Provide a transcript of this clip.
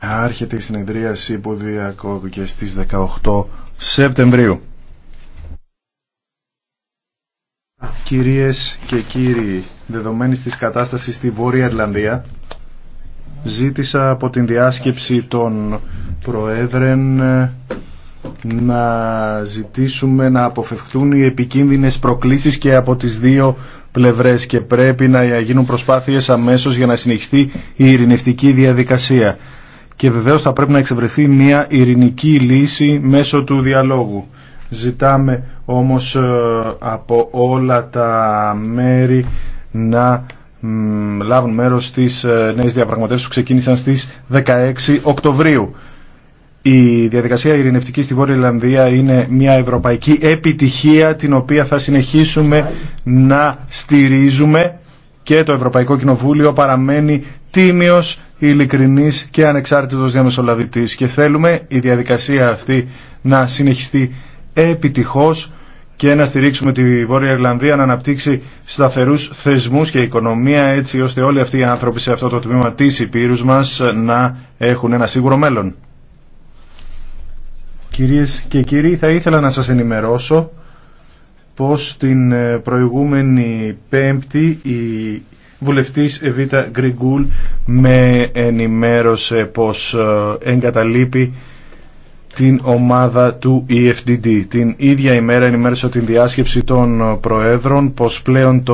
Άρχεται η συνεδρίαση που διακόπηκε στις 18 Σεπτεμβρίου. Κυρίες και κύριοι, δεδομένης της κατάστασης στη Βόρεια Ιρλανδία, ζήτησα από την διάσκεψη των Προέδρων να ζητήσουμε να αποφευχθούν οι επικίνδυνες προκλήσεις και από τις δύο πλευρές και πρέπει να γίνουν προσπάθειες αμέσως για να συνεχιστεί η ειρηνευτική διαδικασία. Και βεβαίως θα πρέπει να εξευρεθεί μια ειρηνική λύση μέσω του διαλόγου. Ζητάμε όμως ε, από όλα τα μέρη να λάβουν μέρος στις ε, νέες διαπραγματεύσεις που ξεκίνησαν στις 16 Οκτωβρίου. Η διαδικασία ειρηνευτική στη Βόρεια Ιρλανδία είναι μια ευρωπαϊκή επιτυχία την οποία θα συνεχίσουμε να στηρίζουμε και το Ευρωπαϊκό Κοινοβούλιο παραμένει τίμιος, ειλικρινής και ανεξάρτητος διαμεσολαβητής και θέλουμε η διαδικασία αυτή να συνεχιστεί επιτυχώς και να στηρίξουμε τη Βόρεια Ιρλανδία να αναπτύξει σταθερούς θεσμούς και οικονομία έτσι ώστε όλοι αυτοί οι άνθρωποι σε αυτό το τμήμα της υπήρους μας να έχουν ένα σίγουρο μέλλον. Κυρίες και κύριοι, θα ήθελα να σας ενημερώσω πως την ε, προηγούμενη πέμπτη η βουλευτής Εβίτα Γκριγκούλ με ενημέρωσε πως ε, εγκαταλείπει την ομάδα του EFDD. Την ίδια ημέρα ενημέρωσε την διάσκεψη των ε, Προέδρων πως πλέον το